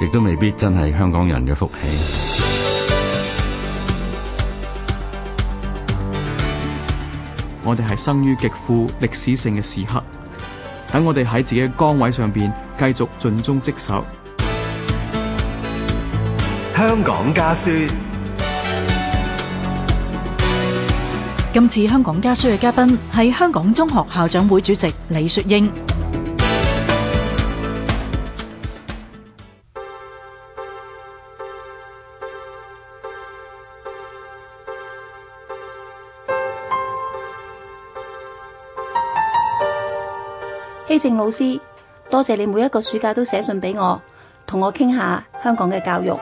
亦都未必真係香港人嘅福氣。我哋係生於極富歷史性嘅時刻，等我哋喺自己嘅崗位上邊繼續盡忠職守。香港家書。今次香港家書嘅嘉賓係香港中學校長會主席李雪英。希、hey, 正老師，多謝你每一個暑假都寫信俾我，同我傾下香港嘅教育。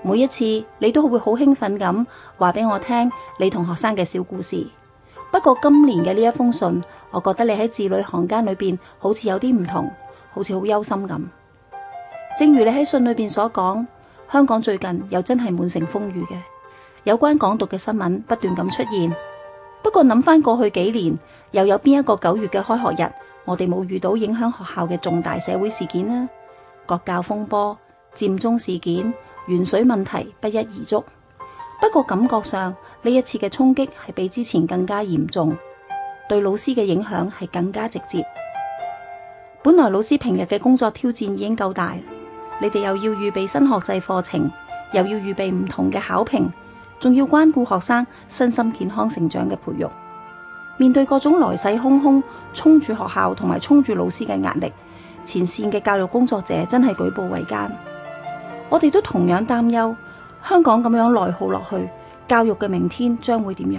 每一次你都會好興奮咁話俾我聽你同學生嘅小故事。不過今年嘅呢一封信，我覺得你喺字裏行間裏邊好似有啲唔同，好似好憂心咁。正如你喺信裏邊所講，香港最近又真係滿城風雨嘅，有關港獨嘅新聞不斷咁出現。不過諗翻過去幾年，又有邊一個九月嘅開學日？我哋冇遇到影響學校嘅重大社會事件啊？國教風波、佔中事件、鉛水問題不一而足。不過感覺上，呢一次嘅衝擊係比之前更加嚴重，對老師嘅影響係更加直接。本來老師平日嘅工作挑戰已經夠大，你哋又要預備新學制課程，又要預備唔同嘅考評，仲要關顧學生身心健康成長嘅培育。面對各種來勢洶洶、衝住學校同埋衝住老師嘅壓力，前線嘅教育工作者真係舉步維艱。我哋都同樣擔憂香港咁樣內耗落去，教育嘅明天將會點樣？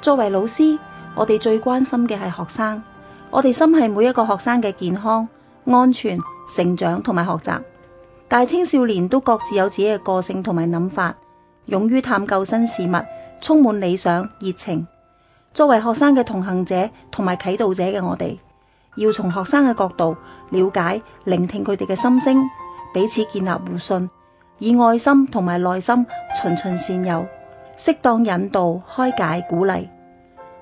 作為老師，我哋最關心嘅係學生，我哋心繫每一個學生嘅健康、安全、成長同埋學習。大青少年都各自有自己嘅個性同埋諗法，勇於探究新事物，充滿理想、熱情。作為學生嘅同行者同埋啟導者嘅我哋，要從學生嘅角度了解、聆聽佢哋嘅心聲，彼此建立互信，以愛心同埋耐心循循善誘，適當引導、開解、鼓勵。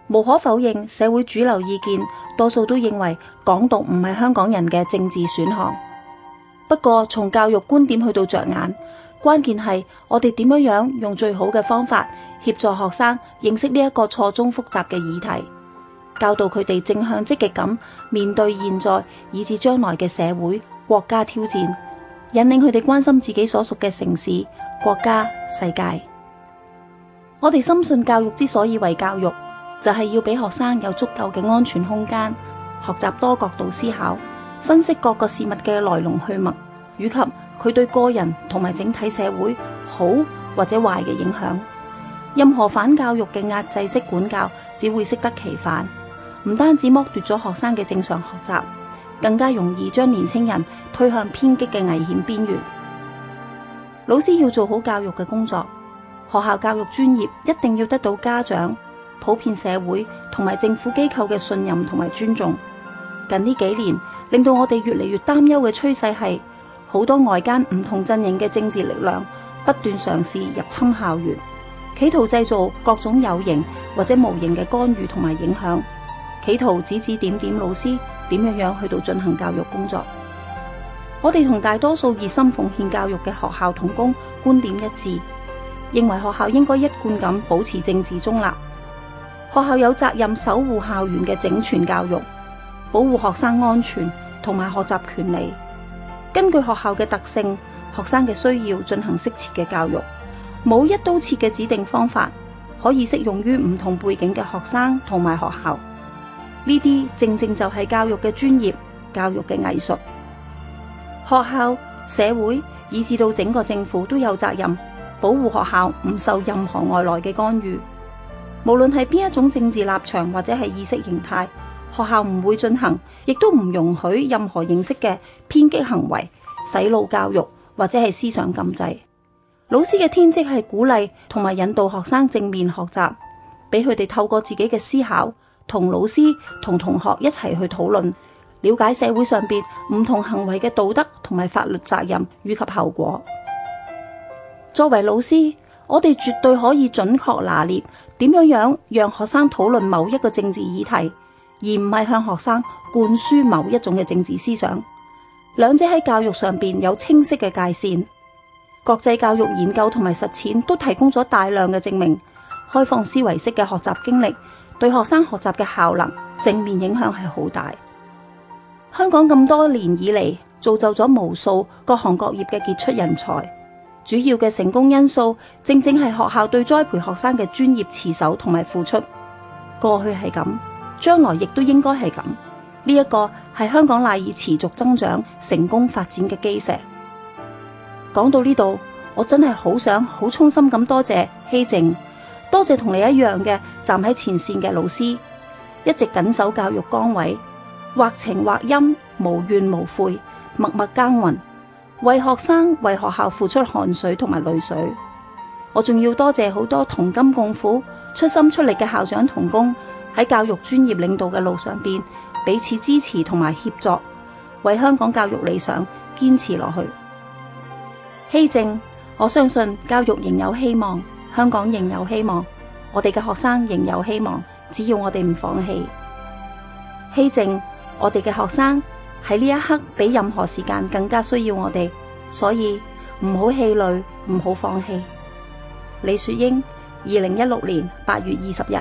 無可否認，社會主流意見多數都認為港獨唔係香港人嘅政治選項。不過，從教育觀點去到着眼。關鍵係我哋點樣樣用最好嘅方法協助學生認識呢一個錯綜複雜嘅議題，教導佢哋正向積極咁面對現在以至將來嘅社會國家挑戰，引領佢哋關心自己所屬嘅城市、國家、世界。我哋深信教育之所以為教育，就係要俾學生有足夠嘅安全空間，學習多角度思考，分析各個事物嘅來龍去脈，以及佢對個人同埋整體社會好或者壞嘅影響。任何反教育嘅壓制式管教只會適得其反，唔單止剝奪咗學生嘅正常學習，更加容易將年青人推向偏激嘅危險邊緣。老師要做好教育嘅工作，學校教育專業一定要得到家長、普遍社會同埋政府機構嘅信任同埋尊重。近呢幾年，令到我哋越嚟越擔憂嘅趨勢係。好多外間唔同陣營嘅政治力量不斷嘗試入侵校園，企圖製造各種有形或者無形嘅干預同埋影響，企圖指指點點老師點樣樣去到進行教育工作。我哋同大多數熱心奉獻教育嘅學校同工觀點一致，認為學校應該一貫咁保持政治中立，學校有責任守護校園嘅整全教育，保護學生安全同埋學習權利。根據學校嘅特性，學生嘅需要進行適切嘅教育，冇一刀切嘅指定方法，可以適用於唔同背景嘅學生同埋學校。呢啲正正就係教育嘅專業，教育嘅藝術。學校、社會以至到整個政府都有責任保護學校唔受任何外來嘅干預，無論係邊一種政治立場或者係意識形態。學校唔會進行，亦都唔容許任何形式嘅偏激行為、洗腦教育或者係思想禁制。老師嘅天職係鼓勵同埋引導學生正面學習，俾佢哋透過自己嘅思考，同老師同同學一齊去討論，了解社會上邊唔同行為嘅道德同埋法律責任以及後果。作為老師，我哋絕對可以準確拿捏點樣樣讓學生討論某一個政治議題。而唔係向學生灌輸某一種嘅政治思想，兩者喺教育上邊有清晰嘅界線。國際教育研究同埋實踐都提供咗大量嘅證明，開放思維式嘅學習經歷對學生學習嘅效能正面影響係好大。香港咁多年以嚟造就咗無數各行各業嘅傑出人才，主要嘅成功因素正正係學校對栽培學生嘅專業持守同埋付出。過去係咁。將來亦都應該係咁，呢、這、一個係香港賴以持續增長、成功發展嘅基石。講到呢度，我真係好想好衷心咁多謝希靜，多謝同你一樣嘅站喺前線嘅老師，一直緊守教育崗位，或晴或陰，無怨無悔，默默耕，耕耘，為學生、為學校付出汗水同埋淚水。我仲要多謝好多同甘共苦、出心出力嘅校長同工。喺教育專業領導嘅路上邊，彼此支持同埋協助，為香港教育理想堅持落去。希正，我相信教育仍有希望，香港仍有希望，我哋嘅學生仍有希望，只要我哋唔放棄。希正，我哋嘅學生喺呢一刻比任何時間更加需要我哋，所以唔好氣餒，唔好放棄。李雪英，二零一六年八月二十日。